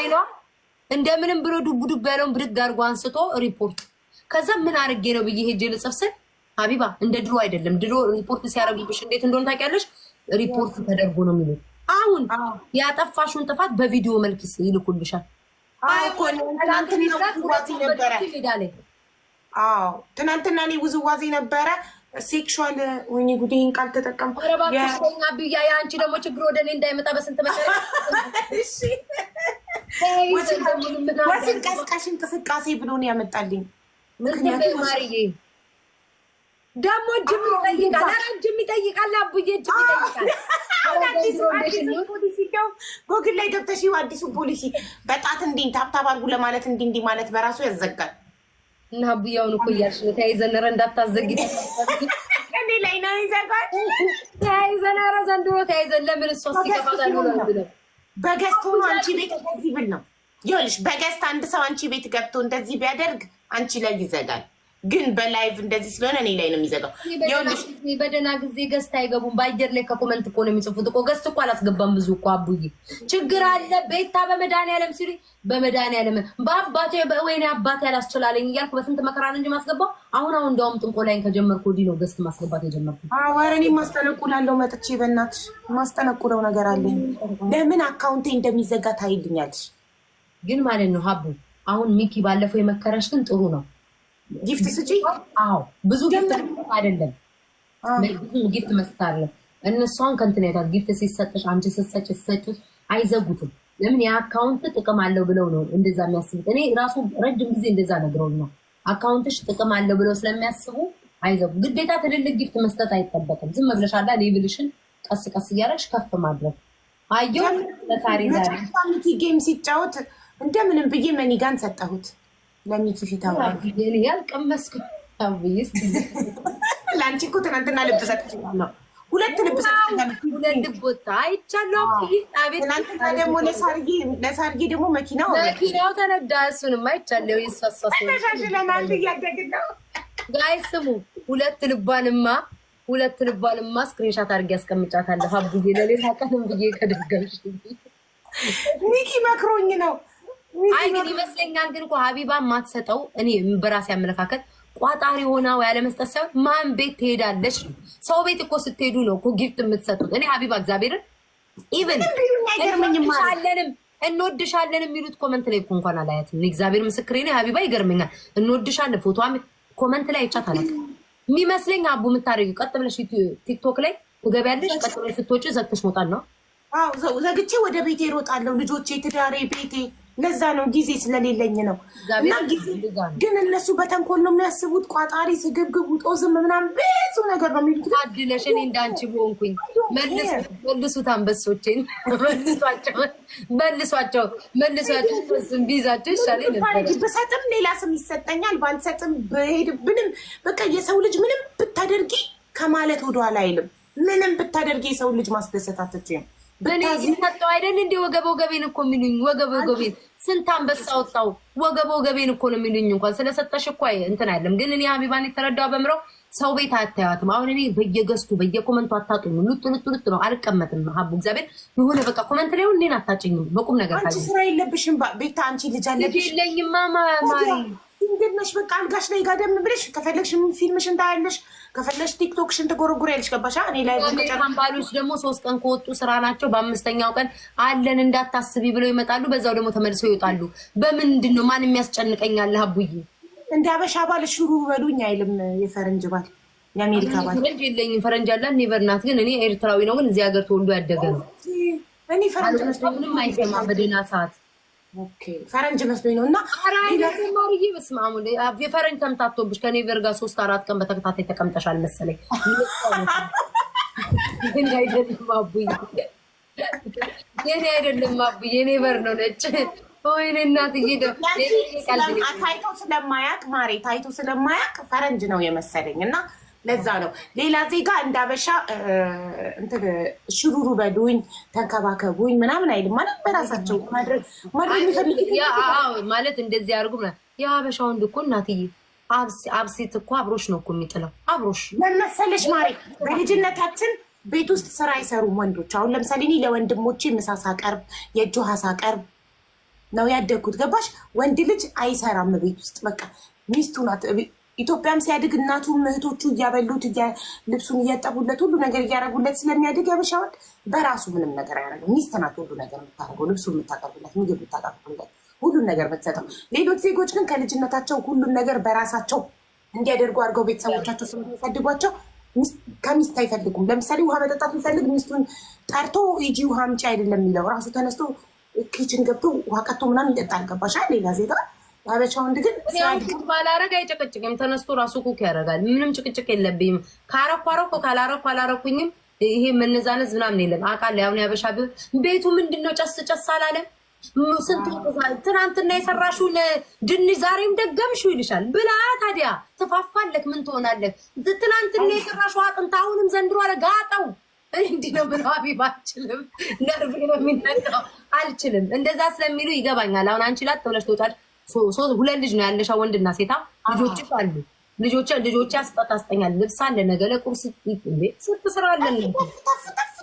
አይኗ እንደምንም ብሎ ዱብ ዱብ ያለውን ብድግ አድርጎ አንስቶ ሪፖርት። ከዛ ምን አድርጌ ነው ብዬ ሄጄ ልጽፍ ስል ሀቢባ እንደ ድሮ አይደለም። ድሮ ሪፖርት ሲያደርጉብሽ እንዴት እንደሆነ ታውቂያለሽ። ሪፖርት ተደርጎ ነው የሚሉ አሁን ያጠፋሽውን ጥፋት በቪዲዮ መልክ ይልኩልሻል። ትናንትና ውዝዋዜ ነበረ ሴክሹዋል ወይኔ ጉዴን ቃል ተጠቀም ረባኛ ብያ የአንቺ ደግሞ ችግር ወደ እኔ እንዳይመጣ በስንት መሰለኝ ቀስቃሽ እንቅስቃሴ ብሎ ነው ያመጣልኝ። ምክንያቱም ደግሞ እጅም ይጠይቃል፣ ኧረ እጅም ይጠይቃል፣ አቡዬ እጅም ይጠይቃል። ጎግል ላይ ገብተሽ አዲሱ ፖሊሲ በጣት እንዲህ ታብታብ አድርጉ ለማለት እንዲህ እንዲህ ማለት በራሱ ያዘጋል። እና ቡያውን እኮ እያልሽ ነው። ተያይዘን ኧረ እንዳታዘግድ እኔ ላይ ነው ይዘጋል። ተያይዘን ኧረ ዘንድሮ ተያይዘን ለምን እሷ ሲገባታል ነው አንቺ ቤት እንደዚህ ብል ነው ይኸውልሽ፣ በገዝት አንድ ሰው አንቺ ቤት ገብቶ እንደዚህ ቢያደርግ አንቺ ላይ ይዘጋል። ግን በላይቭ እንደዚህ ስለሆነ እኔ ላይ ነው የሚዘጋው። በደህና ጊዜ ገስት አይገቡም። በአየር ላይ ከኮመንት እኮ ነው የሚጽፉት እኮ ገስት እኮ አላስገባም። ብዙ እኮ አቡዬ ችግር አለ ቤታ በመድኃኒዓለም ሲሉ በመድኃኒዓለም በአባቴ ወይኔ አባቴ ያላስችላለኝ እያልኩ በስንት መከራ ነው እንጂ ማስገባው። አሁን አሁን ጥንቆ ላይን ከጀመርኩ ወዲህ ነው ገስት ማስገባት የጀመርኩ። ኧረ እኔ ማስጠነቁላለሁ መጥቼ በእናትሽ ማስጠነቁለው ነገር አለኝ። ለምን አካውንቴ እንደሚዘጋ ታይልኛለሽ። ግን ማለት ነው ሀቡ አሁን ሚኪ ባለፈው የመከረሽ ግን ጥሩ ነው ጊፍት ስጪ። አዎ ብዙ ጊፍት አይደለም ብዙ ጊፍት መስጠት አለ። እነሷን ከንትን ያቷት ጊፍት ሲሰጥሽ አንቺ ስሰጭ ሲሰጡት አይዘጉትም። ለምን የአካውንት ጥቅም አለው ብለው ነው እንደዛ የሚያስቡት። እኔ ራሱ ረጅም ጊዜ እንደዛ ነግረው ነው አካውንትሽ ጥቅም አለው ብለው ስለሚያስቡ አይዘጉ። ግዴታ ትልልቅ ጊፍት መስጠት አይጠበቅም። ዝም ብለሻላ ሌብልሽን ቀስ ቀስ እያደረግሽ ከፍ ማድረግ አየው። ለሳሬ ዛሬ ጌም ሲጫወት እንደምንም ብዬ መኒጋን ሰጠሁት። ለሚኪ ፊት ያልቀመስኩ ለአንቺ እኮ ትናንትና ልብ ሰጥቼዋለሁ። ሁለት ልብ ሰጥቼዋለሁ። ቦታ አይቻለሁ። ትናንትና ደግሞ ለሳርጌ ደግሞ መኪናው መኪናው ተነዳ። እሱንም አይቻለሁ። ተሻሽለናል፣ እያደግን ስሙ ሁለት ልባንማ ሁለት ልባንማ ስክሪንሻት አድርጌ ያስቀምጫታለሁ። አብዬ ለሌላ ቀንም ብዬ ከደጋሽ ሚኪ መክሮኝ ነው አይ ግን ይመስለኛል ግን እኮ ሀቢባ ማትሰጠው እኔ በራሴ አመለካከት ቋጣሪ ሆና ወይ ያለመስጠት ሳይሆን ማን ቤት ትሄዳለች ነው። ሰው ቤት እኮ ስትሄዱ ነው እኮ ጊፍት የምትሰጡት። እኔ ሀቢባ እግዚአብሔርን ኢቨን እንወድሻለንም እንወድሻለን የሚሉት ኮመንት ላይ እኮ እንኳን አላያትም። እግዚአብሔር ምስክሬ ነው። ሀቢባ ይገርመኛል። እንወድሻለን ፎቶ ኮመንት ላይ አይቻት አለቅ የሚመስለኝ አቡ የምታደርጊው ቀጥ ብለሽ ቲክቶክ ላይ ትገቢያለሽ፣ ቀጥ ብለሽ ስትወጪ ዘግተሽ መውጣት ነው። ዘግቼ ወደ ቤቴ እሮጣለሁ። ልጆቼ፣ ትዳሬ፣ ቤቴ ለዛ ነው ጊዜ ስለሌለኝ ነው። እና ጊዜ ግን እነሱ በተንኮል ነው የሚያስቡት። ቋጣሪ፣ ስግብግቡ፣ ጦዝም ዝም ምናምን ብዙ ነገር ነው የሚሉት። ታድለሽ እኔ እንዳንቺ በሆንኩኝ። መልሱት፣ አንበሶቼን መልሷቸው፣ መልሷቸው። ስም ቢይዛቸው ይሻለኝ ብሰጥም ሌላ ስም ይሰጠኛል፣ ባልሰጥም ብሄድ ምንም በቃ የሰው ልጅ ምንም ብታደርጊ ከማለት ወደኋላ አይልም። ምንም ብታደርጊ የሰው ልጅ ማስደሰት አትችም። በእኔ ሰጠው አይደል እንደ ወገብ ወገቤን እኮ የሚሉኝ ወገብ ወገቤን ስንት አንበሳ ወጣው ወገብ ወገቤን እኮ ነው የሚሉኝ። እንኳን ስለሰጠሽ እኮ እንትን አይደለም። ግን እኔ ሀቢባን የተረዳው በምረው ሰው ቤት አታያትም። አሁን እኔ በየገስቱ በየኮመንቱ አታጡኝ። ልጡ ልጡ ልጡ ነው አልቀመጥም። ሀቡ እግዚአብሔር የሆነ በቃ ኮመንት ላይ እኔን አታጭኝም። በቁም ነገር አንቺ ስራ የለብሽም ቤታ። አንቺ ልጅ አለብሽ ልጅ ለይማ ማሪ እንግዲህ ነሽ በቃ አልጋሽ ላይ ጋደም ብለሽ ከፈለግሽ ፊልምሽ እንታያለሽ ከፈለሽ ቲክቶክሽን ትጎረጉሪያለሽ። ገባሻ? እኔ ላይ ባሎች ደግሞ ሶስት ቀን ከወጡ ስራ ናቸው። በአምስተኛው ቀን አለን እንዳታስቢ ብለው ይመጣሉ። በዛው ደግሞ ተመልሰው ይወጣሉ። በምንድን ነው ማን የሚያስጨንቀኛል? አቡዬ እንደ አበሻ ባል ሽሩ በሉኝ አይልም። የፈረንጅ ባል የአሜሪካ ባል ፈረንጅ የለኝም። ፈረንጅ አለ ኔቨርናት ግን እኔ ኤርትራዊ ነው፣ ግን እዚህ ሀገር ተወልዶ ያደገ ነው። እኔ ፈረንጅ ምንም አይሰማ በደህና ሰዓት ፈረንጅ መስሎኝ ነው። እና ማርዬ በስመ አብ የፈረንጅ ተምታቶብሽ ከኔ ቨርጋ ሶስት አራት ቀን በተከታታይ ተቀምጠሻል መሰለኝ። የኔ አይደለም አቡዬ፣ የኔ አይደለም አቡዬ፣ የኔ በር ነው ነጭ። ወይኔ እናትዬ፣ ታይቶ ስለማያቅ ማሬ፣ ታይቶ ስለማያቅ ፈረንጅ ነው የመሰለኝ እና ለዛ ነው ሌላ ዜጋ እንዳበሻ ሽሩሩ በሉኝ ተንከባከቡኝ ምናምን አይልም። ማለት በራሳቸው ማድረግ የሚፈልግ ማለት እንደዚህ አድርጉ የሀበሻ ወንድ እኮ እናትዬ አብሴት እኮ አብሮሽ ነው እኮ የሚጥለው አብሮሽ መመሰለሽ ማሬ በልጅነታችን ቤት ውስጥ ስራ አይሰሩም ወንዶች። አሁን ለምሳሌ እኔ ለወንድሞቼ ምሳ ሳቀርብ የእጅ ውሃ ሳቀርብ ነው ያደግኩት። ገባሽ? ወንድ ልጅ አይሰራም ቤት ውስጥ በቃ ሚስቱ ናት ኢትዮጵያም ሲያድግ እናቱም እህቶቹ እያበሉት ልብሱን እያጠቡለት ሁሉ ነገር እያደረጉለት ስለሚያድግ ያበሻውን በራሱ ምንም ነገር አያደርግም። ሚስት ናት ሁሉ ነገር የምታደርገው፣ ልብሱ የምታቀርብለት፣ ምግብ የምታቀርብለት፣ ሁሉን ነገር የምትሰጠው። ሌሎች ዜጎች ግን ከልጅነታቸው ሁሉን ነገር በራሳቸው እንዲያደርጉ አድርገው ቤተሰቦቻቸው ስለሚያሳድጓቸው ከሚስት አይፈልጉም። ለምሳሌ ውሃ መጠጣት የሚፈልግ ሚስቱን ጠርቶ ሂጂ ውሃ አምጪ አይደለም የሚለው ራሱ ተነስቶ ኪችን ገብቶ ውሃ ቀጥቶ ምናምን ይጠጣል። ገባሻ ሌላ ዜጋ አበሻ ወንድ ግን ባላረግ አይጨቀጭቅም። ተነስቶ ራሱ ኩክ ያደርጋል። ምንም ጭቅጭቅ የለብኝም። ካረኩ አረኩ ካላረኩ አላረኩኝም። ይሄ መነዛነዝ ምናምን የለም። አውቃለሁ። አሁን ያበሻ ቤቱ ምንድን ነው ጨስ ጨስ አላለም። ስንት ትናንትና የሰራሽውን ድንች ዛሬም ደገምሽው ይልሻል ብላ ታዲያ ትፋፋለክ። ምን ትሆናለክ? ትናንትና የሰራሽው አጥንት አሁንም ዘንድሮ አለ ጋጠው እንዲህ ነው ብለው ሀቢብ አልችልም። ነርቤ ነው የሚነቃው። አልችልም እንደዛ ስለሚሉ ይገባኛል። አሁን አንቺ ላት ተብለሽ ትወጫለሽ ሁለት ልጅ ነው ያለሻ፣ ወንድና ሴታ ልጆች አሉ። ልጆች ልጆች ያስጠጣስጠኛል ልብስ አለ፣ ነገ ለቁርስ ስንት ስራ አለን።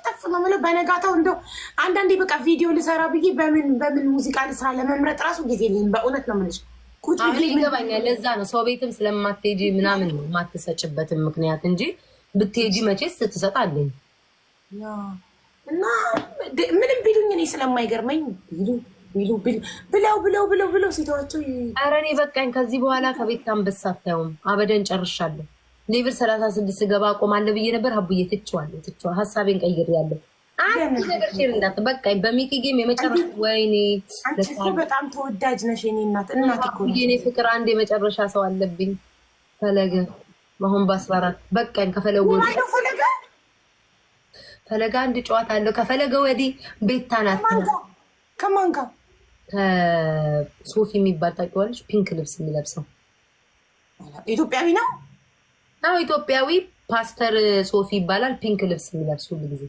ጠፍ ነው የምለው በነጋታው እንደው አንዳንዴ በቃ ቪዲዮ ልሰራ ብዬ በምን በምን ሙዚቃ ልስራ ለመምረጥ ራሱ ጊዜ ልኝ በእውነት ነው ምለች አሁን ይገባኛል። ለዛ ነው ሰው ቤትም ስለማትሄጂ ምናምን ነው የማትሰጭበትም ምክንያት እንጂ ብትሄጂ መቼስ ስትሰጥ አለኝ እና ምንም ቢሉኝ እኔ ስለማይገርመኝ ቢሉኝ ቢሉ ብለው ብለው ብለው ብለው ሲተዋቸው፣ ኧረ እኔ በቃኝ። ከዚህ በኋላ ከቤት አንበሳ አታየውም። አበደን ጨርሻለሁ። ሌቭል ሰላሳ ስድስት ገባ አቆማለሁ ብዬ ነበር። ሀቡዬ ትችዋለሁ፣ ትችዋ ሀሳቤን ቀይሬያለሁ። አንድ ነገር ሼር በቃ በሚኪ ጌም የመጨረሻ ወይኔ፣ በጣም ተወዳጅ ነሽ የኔ እናት። እናት የኔ ፍቅር፣ አንድ የመጨረሻ ሰው አለብኝ። ፈለገ አሁን በአስራ አራት በቃኝ። ከፈለገ ፈለገ አንድ ጨዋታ አለው ከፈለገ ወዲህ ቤታ ናት ከማን ጋር ከሶፊ የሚባል ታውቂዋለሽ? ፒንክ ልብስ የሚለብሰው ኢትዮጵያዊ ነው። አዎ ኢትዮጵያዊ ፓስተር ሶፊ ይባላል። ፒንክ ልብስ የሚለብሱ ሁሉ ጊዜ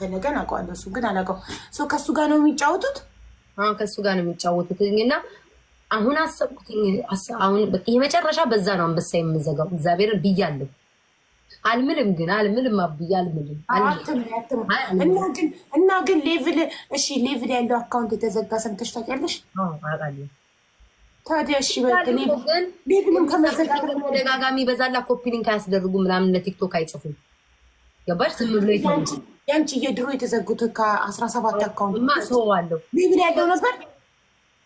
ፈለገን አውቀዋለሁ። እሱ ግን አላውቀው ከእሱ ጋር ነው የሚጫወቱት። ከእሱ ጋር ነው የሚጫወቱት እና አሁን አሰብኩት። አሁን መጨረሻ በዛ ነው አንበሳ የምንዘጋው እግዚአብሔርን ብያለሁ። አልምልም ግን አልምልም፣ አብዬ አልምልም። እና ግን እና ግን ሌቭል እሺ፣ ሌቭል ያለው አካውንት የተዘጋ ሰምተሽ ታውቂያለሽ? ታዲያ እሺ፣ ሌቭልም ከመዘጋት ተደጋጋሚ በዛላ ኮፒሊንክ አያስደርጉ ምናምን ለቲክቶክ አይጽፉም። ገባሽ? ዝም ብሎ ያንቺ የድሮ የተዘጉት ከአስራ ሰባት አካውንት ማስዋዋለሁ ሌቭል ያለው ነበር።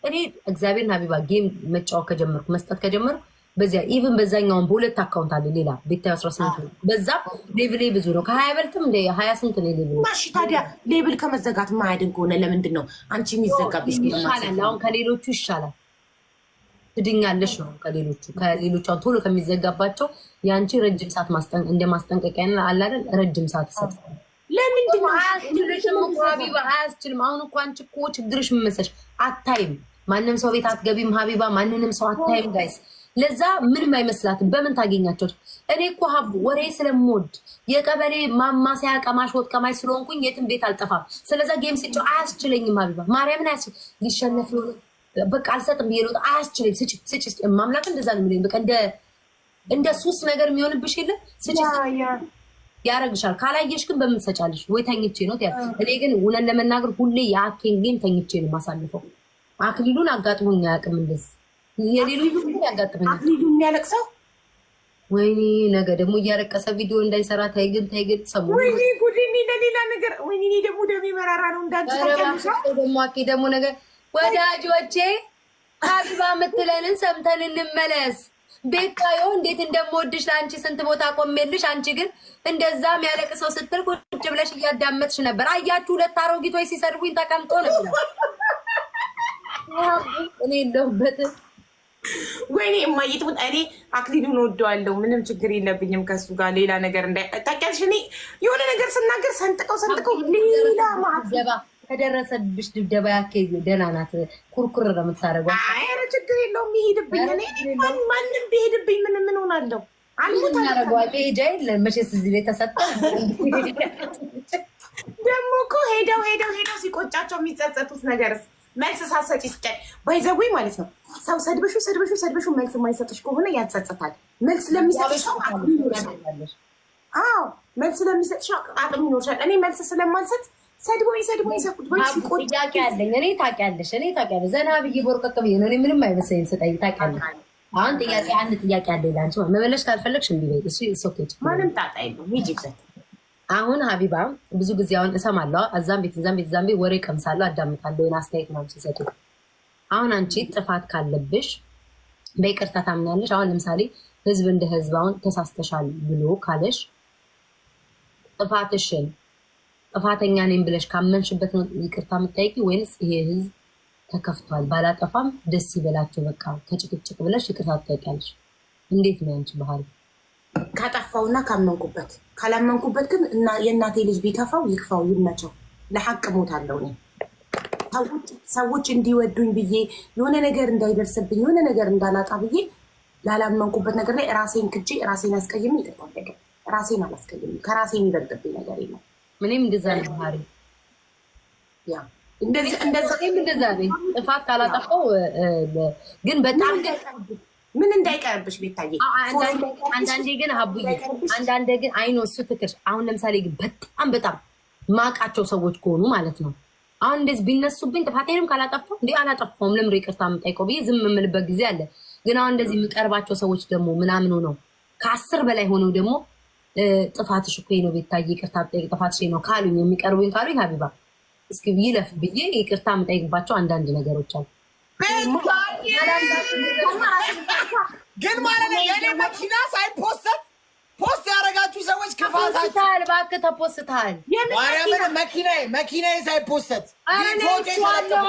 እኔ እግዚአብሔር ሀቢባ ጌም መጫወት ከጀመርኩ መስጠት ከጀመርኩ በዚያ ኢቨን በዛኛውን በሁለት አካውንት አለ ሌላ ቤታ 18 በዛ ሌቭሌ ብዙ ነው። ከሀያ በልትም ሀያ ስንት ሌ ማሽ ታዲያ ሌብል ከመዘጋት ማያድን ከሆነ ለምንድን ነው አንቺ የሚዘጋብሽ? ይሻላል አሁን ከሌሎቹ ይሻላል። ትድኛለሽ ነው ከሌሎቹ ከሌሎቹ አሁን ቶሎ ከሚዘጋባቸው የአንቺ ረጅም ሰዓት እንደ ማስጠንቀቂያ አላለን ረጅም ሰዓት ይሰጣል። ለምንድን አያስችልም? አሁን እኮ አንቺ እኮ ችግርሽ ምን አታይም። ማንም ሰው ቤት አትገቢም ሀቢባ፣ ማንንም ሰው አታይም ጋይስ ለዛ ምንም አይመስላትም። በምን ታገኛቸው? እኔ እኮ ሀብ ወሬ ስለምወድ የቀበሌ ማማሰያ ቀማሽ ወጥ ቀማሽ ስለሆንኩኝ የትም ቤት አልጠፋም። ስለዛ ጌም ስጭ አያስችለኝም። አቢባ ማርያምን አያስ ሊሸነፍ ሆነ በቃ አልሰጥም ብዬ ነው አያስችለኝ። ስጭ ስጭ ማምላክ እንደዛ ነው የሚለኝ። እንደ እንደ ሱስ ነገር የሚሆንብሽ የለ ስጭ ያረግሻል። ካላየሽ ግን በምን ትሰጫለሽ? ወይ ተኝቼ ነው እኔ ግን እውነን ለመናገር ሁሌ የአኬን ጌም ተኝቼ ነው ማሳልፈው። አክሊሉን አጋጥሞኝ አያውቅም እንደዚህ የሌሎች የሚያለቅሰው ወይኔ ነገ ደግሞ እያለቀሰ ቪዲዮ እንዳይሰራ ሰሙ። ወይኔ ለሌላ ነገር ወይኔ ደግሞ ደሜ መራራ ነው ደግሞ ነገር ወዳጆቼ ሀቢባ ሰምተን እንመለስ። ቤታዮ እንዴት እንደምወድሽ ለአንቺ ስንት ቦታ ቆሜልሽ፣ አንቺ ግን እንደዛ የሚያለቅሰው ስትል ቁጭ ብለሽ እያዳመጥሽ ነበር። አያችሁ ሁለት አሮጊቶች ሲሰድቡኝ ተቀምጦ ነበር እኔ የለሁበትም ወይኔ የማይጥቡት እኔ አክሊሉን ወደዋለሁ። ምንም ችግር የለብኝም ከሱ ጋር ሌላ ነገር እንዳይጠቀሽ። እኔ የሆነ ነገር ስናገር ሰንጥቀው ሰንጥቀው ሌላ ማገባ ከደረሰብሽ ድብደባ ያኬ ደህና ናት። ኩርኩር ነው አረ ችግር የለውም ይሄድብኝ። እኔ ማንም ቢሄድብኝ ምን ምን ሆናለሁ? አልሙታረጓል ሄጃ የለም መቼስ እዚህ ቤት ተሰጠ ደግሞ እኮ ሄደው ሄደው ሄደው ሲቆጫቸው የሚጸጸቱት ነገርስ መልስ ሳሰጪ ስጨን ባይዘዊ ማለት ነው። ሰው ሰድበሹ ሰድበሹ ሰድበሹ መልስ የማይሰጥሽ ከሆነ ያጸጽታል። መልስ ለሚሰጥ ሰው አዎ መልስ ለሚሰጥሽ አቅም ይኖርሻል። እኔ መልስ ስለማልሰጥ ሰድቦኝ ሰድቦኝ ሰቁት ያለኝ እኔ ታውቂያለሽ። እኔ ታውቂያለሽ። ዘና ብዬ ቦርቀቅ ብዬ ነው። እኔ ምንም አይመስለኝም ስጠይቅ ታውቂያለሽ። አሁን ጥያቄ አንድ ጥያቄ አለ ይላንቺ መመለሽ ካልፈለግሽ እንዲበይ እሱ ሶኬች ማንም ጣጣ የለውም። ሂጂበት አሁን ሀቢባ ብዙ ጊዜ አሁን እሰማለሁ፣ እዛም ቤት እዛም ቤት እዛም ቤት ወሬ ቀምሳለሁ፣ አዳምጣለሁ፣ ወይ አስተያየት ነው ሲሰጡ። አሁን አንቺ ጥፋት ካለብሽ በይቅርታ ታምናለሽ። አሁን ለምሳሌ ህዝብ እንደ ህዝብ አሁን ተሳስተሻል ብሎ ካለሽ ጥፋትሽን ጥፋተኛ ነኝ ብለሽ ካመንሽበት ነው ይቅርታ የምታይቂ ወይንስ ይሄ ህዝብ ተከፍቷል ባላጠፋም ደስ ይበላቸው በቃ ከጭቅጭቅ ብለሽ ይቅርታ ትጠይቂያለሽ? እንዴት ነው አንቺ ባህል? ከጠፋውና ካመንኩበት ካላመንኩበት ግን የእናቴ ልጅ ቢከፋው ይክፋው ይመቸው። ለሀቅ ሞታለሁ እኔ ሰዎች እንዲወዱኝ ብዬ የሆነ ነገር እንዳይደርስብኝ የሆነ ነገር እንዳላጣ ብዬ ላላመንኩበት ነገር ላይ ራሴን ክጄ ራሴን አስቀይሜ ይቅርታ፣ ራሴን አላስቀይም ከራሴ የሚበልጥብኝ ነገር ነው። ምንም እንደዛ ነው ባህሪ ያ እንደዛ እንደዛ ጥፋት ካላጠፋው ግን በጣም ምን እንዳይቀርብሽ ቤታዬ። አንዳንዴ ግን ሀቡዬ፣ አንዳንዴ ግን አይኖ እሱ ትክር። አሁን ለምሳሌ ግን በጣም በጣም ማቃቸው ሰዎች ከሆኑ ማለት ነው አሁን እንደዚህ ቢነሱብኝ ጥፋቴንም ካላጠፋው እንዲ አላጠፋውም ለምሬ ይቅርታ የምጠይቀው ብዬ ዝም የምልበት ጊዜ አለ። ግን አሁን እንደዚህ የምቀርባቸው ሰዎች ደግሞ ምናምኑ ነው ከአስር በላይ ሆነው ደግሞ ጥፋትሽ እኮ ነው ቤታዬ፣ ይቅርታ ብጠይቅ ጥፋትሽ ነው ካሉኝ የሚቀርቡኝ ካሉኝ ሀቢባ እስኪ ይለፍ ብዬ ይቅርታ የምጠይቅባቸው አንዳንድ ነገሮች አሉ። ግን ማለት ነው የኔ መኪና ሳይፖስተት ፖስት ያደረጋችሁ ሰዎች ክፋታችሁታል። እባክህ ተፖስተሃል። ማርያምን መኪናዬ መኪናዬ ሳይፖስተት አይቼዋለሁ።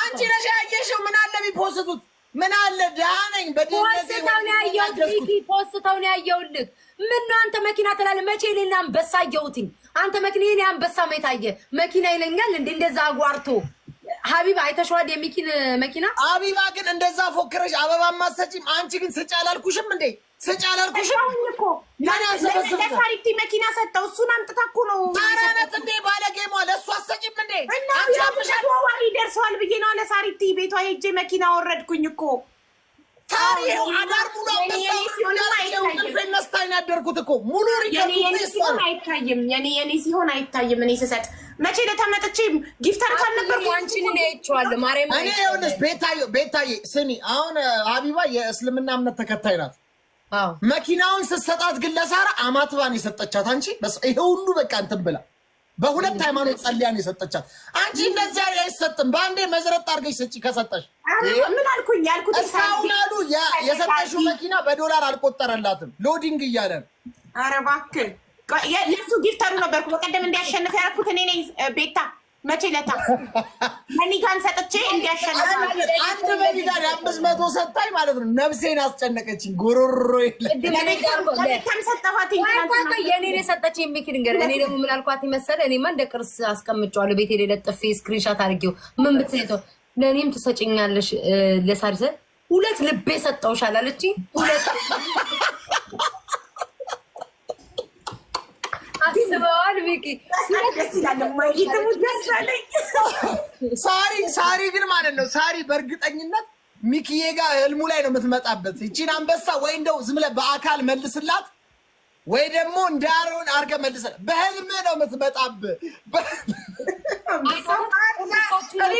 አንቺ ነሽ ያየሽው። ምን አለ ቢፖስቱት? ምን አለ ድሃ ነኝ። በፖስተውን ያየሁት ፖስተውን ያየሁልህ። ምነው አንተ መኪና ትላለህ? መቼ እኔን አንበሳ አየሁትኝ? አንተ መኪና የእኔ አንበሳ መታየ መኪና ይለኛል እንደ እንደዛ አጓርቶ ሀቢብ አይተሸዋድ የሚኪን መኪና። ሀቢባ ግን እንደዛ ፎክረሽ አበባ ማሰጪም አንቺ ግን ስጭ አላልኩሽም እንዴ? ስጭ አላልኩሽም እኮ መኪና ሰጠው። እሱን አምጥታ እኮ ነው ታራነት እንዴ ባለጌሟ። ለእሱ አሰጪም እንዴ? እናዋሪ ደርሰዋል ብዬ ነው ለሳሪቲ ቤቷ ሄጄ መኪና ወረድኩኝ እኮ አይታይም የኔ ሲሆን አይታይም። እኔ ስሰጥ መቼ ለተመጥቼ ጊፍተር ካልነበርኩ አንቺ አይቼዋለሁ። ማርያም እኔ ይኸውልሽ፣ ቤታዬ ቤታዬ ስሚ፣ አሁን ሀቢባ የእስልምና እምነት ተከታይ ናት። መኪናውን ስትሰጣት ግን ለሳራ አማትባን የሰጠቻት አንቺ። ይሄ ሁሉ በቃ እንትን ብላ በሁለት ሃይማኖት ጸልያን የሰጠቻት አንቺ። እንደዚያ አይሰጥም። በአንዴ መዝረጥ አድርገሽ ስጪ ከሰጠሽ። ምን አልኩኝ? ያልኩት እስካሁን አሉ የሰጠሽው መኪና በዶላር አልቆጠረላትም። ሎዲንግ እያለ ነው። ኧረ እባክህ ለእሱ ጊፍተሩ ነበርኩ በቀደም እንዲያሸንፍ ያደረኩት እኔ ነኝ ቤታ መቼ ለታ መኒጋን ሰጥቼ እንዲያሸንፍ አንድ መኒጋ አምስት መቶ ሰጣኝ ማለት ነው። ነብሴን አስጨነቀችኝ። ጎሮሮ የእኔን የሰጠችኝ ሚኪ ንገር። እኔ ደግሞ ምን አልኳት መሰለ? እኔማ እንደ ቅርስ አስቀምጫዋለሁ ቤቴ ላይ ለጥፌ ስክሪንሻት አድርጌው ምን ብትሄጠው ለእኔም ትሰጭኛለሽ ለሳሪሰ ሁለት ልቤ ሰጠውሻል አለችኝ። ሁለት አስበዋል። ሳሪ ሳሪ ግን ማለት ነው ሳሪ በእርግጠኝነት ሚኪዬ ጋር ህልሙ ላይ ነው የምትመጣበት። ይቺን አንበሳ ወይ እንደው ዝም ብለህ በአካል መልስላት ወይ ደግሞ እንዳሮን አድርገህ መልስላት። በህልም ነው የምትመጣብህ።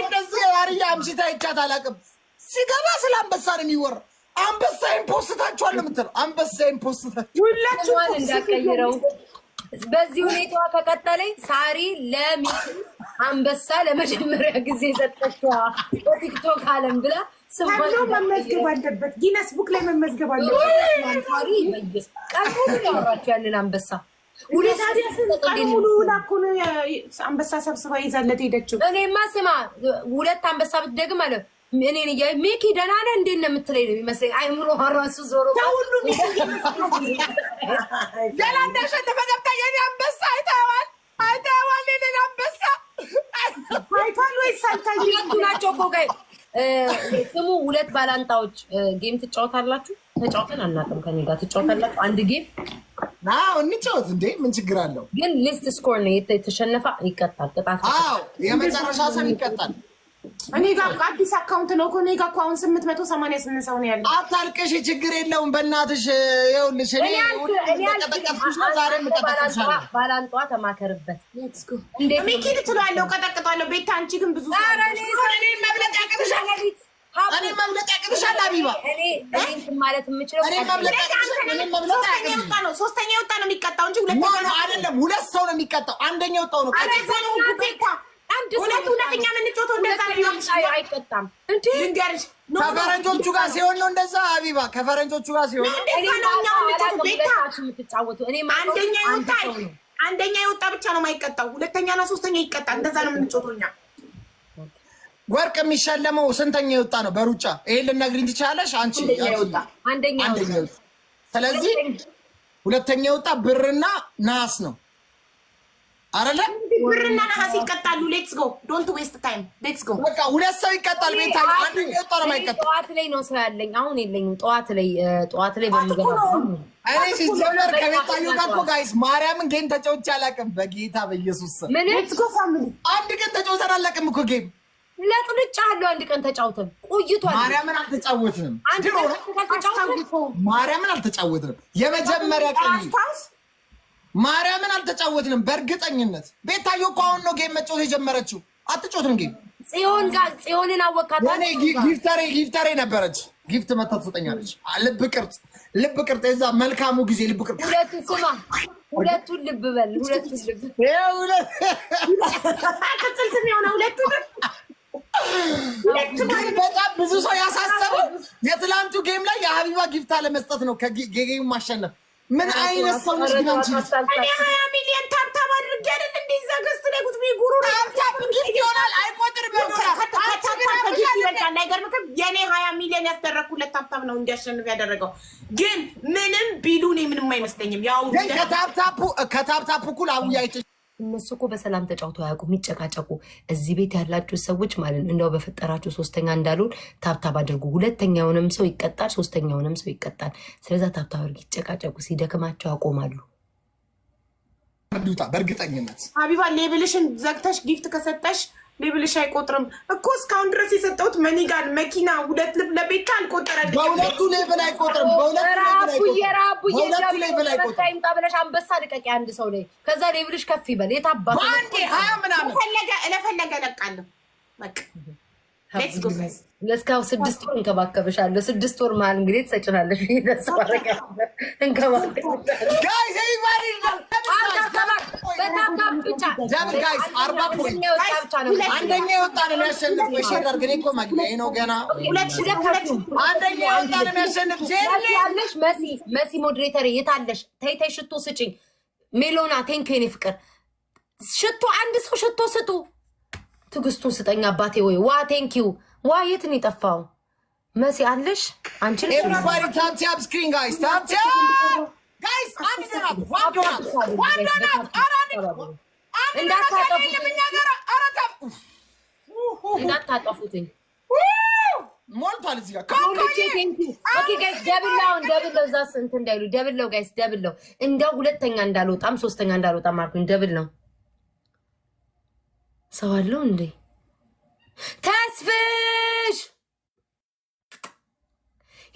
እንደዚህ አርያ አምሽታ ይቻት አላውቅም። ሲገባ ስለ አንበሳ ነው የሚወራ። አንበሳ ኢምፖስታችኋል ነው የምትለው። አንበሳ ኢምፖስታችሁ ሁላችሁ በዚህ ሁኔታዋ ከቀጠለኝ ሳሪ ለሚ አንበሳ ለመጀመሪያ ጊዜ ሰጠችዋ በቲክቶክ አለም ብላ ስሎ መመዝገብ አለበት። ጊነስ ቡክ ላይ መመዝገብ አለበት። ቀን ሙሉ ያንን አንበሳ አንበሳ ሰብስባ ይዛለት ሄደችው። እኔማ ስማ ሁለት አንበሳ ብትደግም አለ እኔን እያ ሜኪ ደህና ነህ እንዴት ነው የምትለኝ ነው የሚመስለኝ። አይምሮ ራሱ ዞሮ ሁሉ ገና እንዳሸነፈ ገብታ የኔ አንበሳ አይተዋል አይተዋል የኔን አንበሳ አይተዋል ወይ አልታየሁም? ሁለቱ ናቸው ኮጋይ ስሙ ሁለት ባላንጣዎች ጌም ትጫወታላችሁ። ተጫውተን አናውቅም። ከኔ ጋር ትጫወታላችሁ አንድ ጌም አዎ እንጫወት እንዴ ምን ችግር አለው? ግን ሊስት ስኮር ነው የተሸነፈ ይቀጣል። ቅጣት የመጨረሻ ሰው ይቀጣል። እኔ ጋር አዲስ አካውንት ነው እኮ እኔ ጋር እኮ አሁን ስምንት መቶ ሰማንያ ስምንት ሰው ነው ያለው። አታልቅሽ፣ ችግር የለውም በእናትሽ። ይኸውልሽ ባላንጧ ተማከርበት። ሚኪድ ትላለሁ፣ ቀጠቅጣለሁ። ቤታ አንቺ ግን ብዙ መብለጥ ያቅትሻል፣ እኔ መብለጥ ያቅትሻል። አቢባ ሶስተኛ የወጣ ነው የሚቀጣው እንጂ ሁለት ሰው ነው የሚቀጣው። አንደኛ የወጣው ነው እውነት እንደዛ አይቀጣም። ከፈረንጆቹ ጋር ሲሆን ነው እንደዛ። ሀቢባ ከፈረንጆቹ ጋር ሲሆን አንደኛ የወጣ ብቻ ነው የማይቀጣው። ሶስተኛ ይቀጣል። እንደዛ ነው ወርቅ የሚሸለመው ስንተኛ የወጣ ነው? በሩጫ ይሄን ልነግሪኝ አንቺ? አንደኛ ስለዚህ ሁለተኛ የወጣ ብርና ነሐስ ነው አይደለም ብርና ነሐስ ይቀጣሉ። ሌትስ ጎ ዶንት ዌስት ታይም ሌትስ ጎ። በቃ ሁለት ሰው ይቀጣል። ቤታ አንደኛው ጠረማ ይቀጣል። ጠዋት ላይ ነው ሰው ያለኝ አሁን የለኝም። ጠዋት ላይ ጠዋት ላይ በምገባ እኔ ሲጀመር ከቤታዮ ጋር እኮ ጋይስ ማርያምን ጌም ተጫውቼ አላውቅም። በጌታ በኢየሱስ ሌትስ ጎ ፋሚሊ አንድ ቀን ተጫውተን አላውቅም እኮ ጌም ለጥንጫ አለው አንድ ቀን ተጫውተን ቆይቷል። ማርያምን አልተጫወትንም። ማርያምን አልተጫወትንም። የመጀመሪያ ቀን ማርያምን አልተጫወትንም። በእርግጠኝነት ቤታዮ እኮ አሁን ነው ጌም መጫወት የጀመረችው። አትጮትም ጌም ጽዮን ጋር ጽዮንን አወቃታ። እኔ ጊፍተሬ ጊፍተሬ ነበረች። ጊፍት መታ ትሰጠኛለች። ልብ ቅርጽ ልብ ቅርጽ የዛ መልካሙ ጊዜ ልብ ቅርጽ ሁለቱ ስማ ሁለቱን ልብ በል ሁለቱን ልብ ቅጽል የሆነ ሁለቱ በጣም ብዙ ሰው ያሳሰበው የትላንቱ ጌም ላይ የሀቢባ ጊፍታ ለመስጠት ነው ከጌም ማሸነፍ ምን አይነት ሰው ነሽ ግን አንቺ? እኔ ሀያ ሚሊዮን ታብታብ አድርጌ ሀያ ሚሊዮን ያስደረግኩለት ታብታብ ነው እንዲያሸንፍ ያደረገው። ግን ምንም ቢሉ እኔ ምንም አይመስለኝም። ያው ከታብታቡ እኩል አውያ አይተሽ እነሱ እኮ በሰላም ተጫውተው አያውቁም። የሚጨቃጨቁ እዚህ ቤት ያላችሁ ሰዎች ማለት ነው። እንደው በፈጠራችሁ ሶስተኛ እንዳሉን ታብታብ አድርጉ። ሁለተኛውንም ሰው ይቀጣል፣ ሶስተኛውንም ሰው ይቀጣል። ስለዛ ታብታብ አድርጉ። ይጨቃጨቁ፣ ሲደክማቸው ያቆማሉ። በእርግጠኝነት ሀቢባ ሌብልሽን ዘግተሽ ጊፍት ከሰጠሽ ሌብልሽ አይቆጥርም እኮ እስካሁን ድረስ የሰጠሁት መኒጋን መኪና ሁለት ልብ ለቤት አልቆጠረልኝም። በሁለቱ አይቆጥርም። ብለሽ አንበሳ ልቀቂ አንድ ሰው ላይ ከዛ ሌብልሽ ከፍ ይበል። የታባ ለፈለገ ለቃለሁ በቃ እስካሁን ስድስት ወር እንከባከብሻለሁ። ስድስት ወር መሀል እንግዲህ ትሰጭናለሽ። አንደኛ የወጣን የሚያሸንፍ ግን መግቢያ ነው ገና አንደኛ የወጣን የሚያሸንፍ መሲ መሲ ሞዴሬተር የታለሽ? ተይ ተይ፣ ሽቶ ስጭኝ። ሜሎና ቴንኬኔ ፍቅር ሽቶ አንድ ሰው ሽቶ ስጡ ትግስቱን ስጠኝ አባቴ። ወይ ዋ ቴንኪው ዋ የትን ይጠፋው መሲ አለሽ አንቺን ሞልቷል እዚህ ጋር ደብላውን ደብለው እዛ ስንት ደብለው ጋይስ ሁለተኛ እንዳልወጣም ሶስተኛ እንዳልወጣም አልኩኝ። ደብል ነው ሰው አለው እንዴ? ተስፍሽ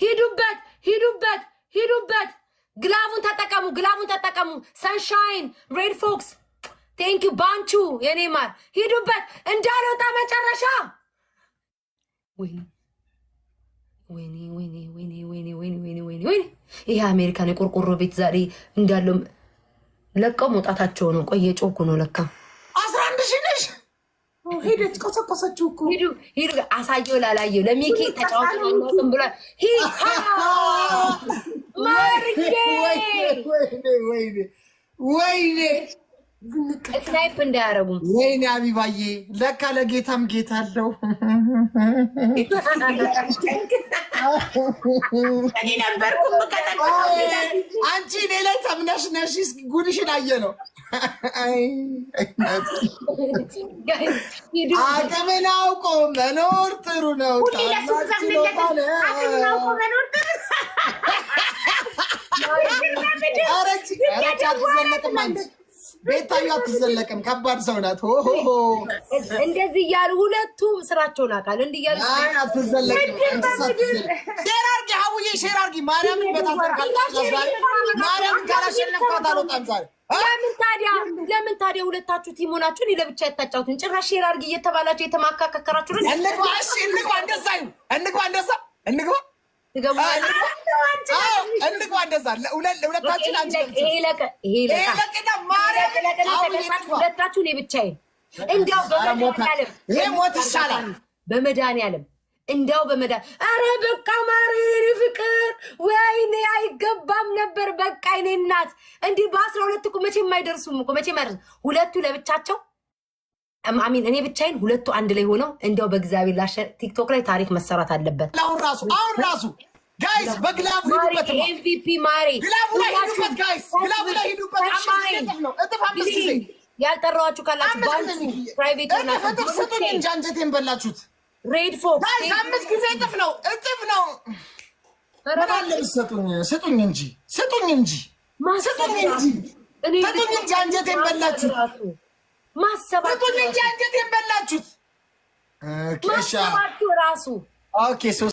ሂዱበት፣ ሂዱበት፣ ሂዱበት። ግላቡን ተጠቀሙ፣ ግላቡን ተጠቀሙ። ሰንሻይን ሬድ ፎክስ ቴንክ ዩ ባንቹ የኔ ማር ሂዱበት፣ እንዳልወጣ መጨረሻ። ወይኔ ወይኔ ይሄ አሜሪካን የቆርቆሮ ቤት ዛሬ እንዳለው ለቀው መውጣታቸው ነው። ቆየ ጮኩ ነው ለካ ሄደች ቆሰቆሰችው እኮ ሂዱ አሳየው ላላየው ለሚኪ ተጫዋችም ብሏል። ማርጌ ወይኔ ወይኔ ስናይፕ እንዳያረጉ። ወይኔ አቢባዬ ለካ ለጌታም ጌታ አለው። አንቺ እኔ ላይ ተምነሽ ነሽ ጉድሽን አየ ነው አቅምን አውቆ መኖር ጥሩ ነው። ቤታዩ አትዘለቅም። ከባድ ሰው ናት። እንደዚህ እያሉ ሁለቱ ስራቸውን አካል እንዲህ እያሉ ሼር አድርጊ ሀቡዬ፣ ሼር አድርጊ ማርያምን። በታማርያምን ካላሸነፍኳት አልወጣም ዛሬ። ለምን ታዲያ ለምን ታዲያ ሁለታችሁ ቲም ሆናችሁ እኔ ለብቻ የታጫውትን ጭራሽ ሼር አድርጊ እየተባላችሁ የተማካከከራችሁ እንግባ፣ እንደዛ እንግባ፣ እንደዛ እንግባ ሁለታችሁን የብቻዬን እንዲያው ሞት ይሻላል በመድኃኒዓለም እንዲያው አረ በቃ ፍቅር ወይኔ አይገባም ነበር። በቃ ይኔ እናት እንዲህ በአስራ ሁለት እኮ መቼም አይደርሱም እኮ መቼም አይደርሱም። ሁለቱ ለብቻቸው አሚን እኔ ብቻዬን ሁለቱ አንድ ላይ ሆነው እንዲያው በእግዚአብሔር ላሸ ቲክቶክ ላይ ታሪክ መሰራት አለበት። አሁን ራሱ አሁን ራሱ ጋይስ በግላቡ ሂዱበት፣ ኤምቪፒ ማሪ ግላቡ ላይ ሂዱበት፣ ጋይስ ግላቡ ላይ ሂዱበት። እጥፍ አምስት ጊዜ ያልጠራዋችሁ ካላችሁ ፕራይቬት እጥፍ ስጡኝ እንጂ አንጀቴን በላችሁት። ሬድ ፎክስ ጋይስ አምስት ጊዜ እጥፍ ነው፣ እጥፍ ነው። ምን አለ ስጡኝ፣ ስጡኝ እንጂ ስጡኝ እንጂ ስጡኝ እንጂ ስጡኝ እንጂ አንጀቴን በላችሁት። ማሰባችሁ ራሱ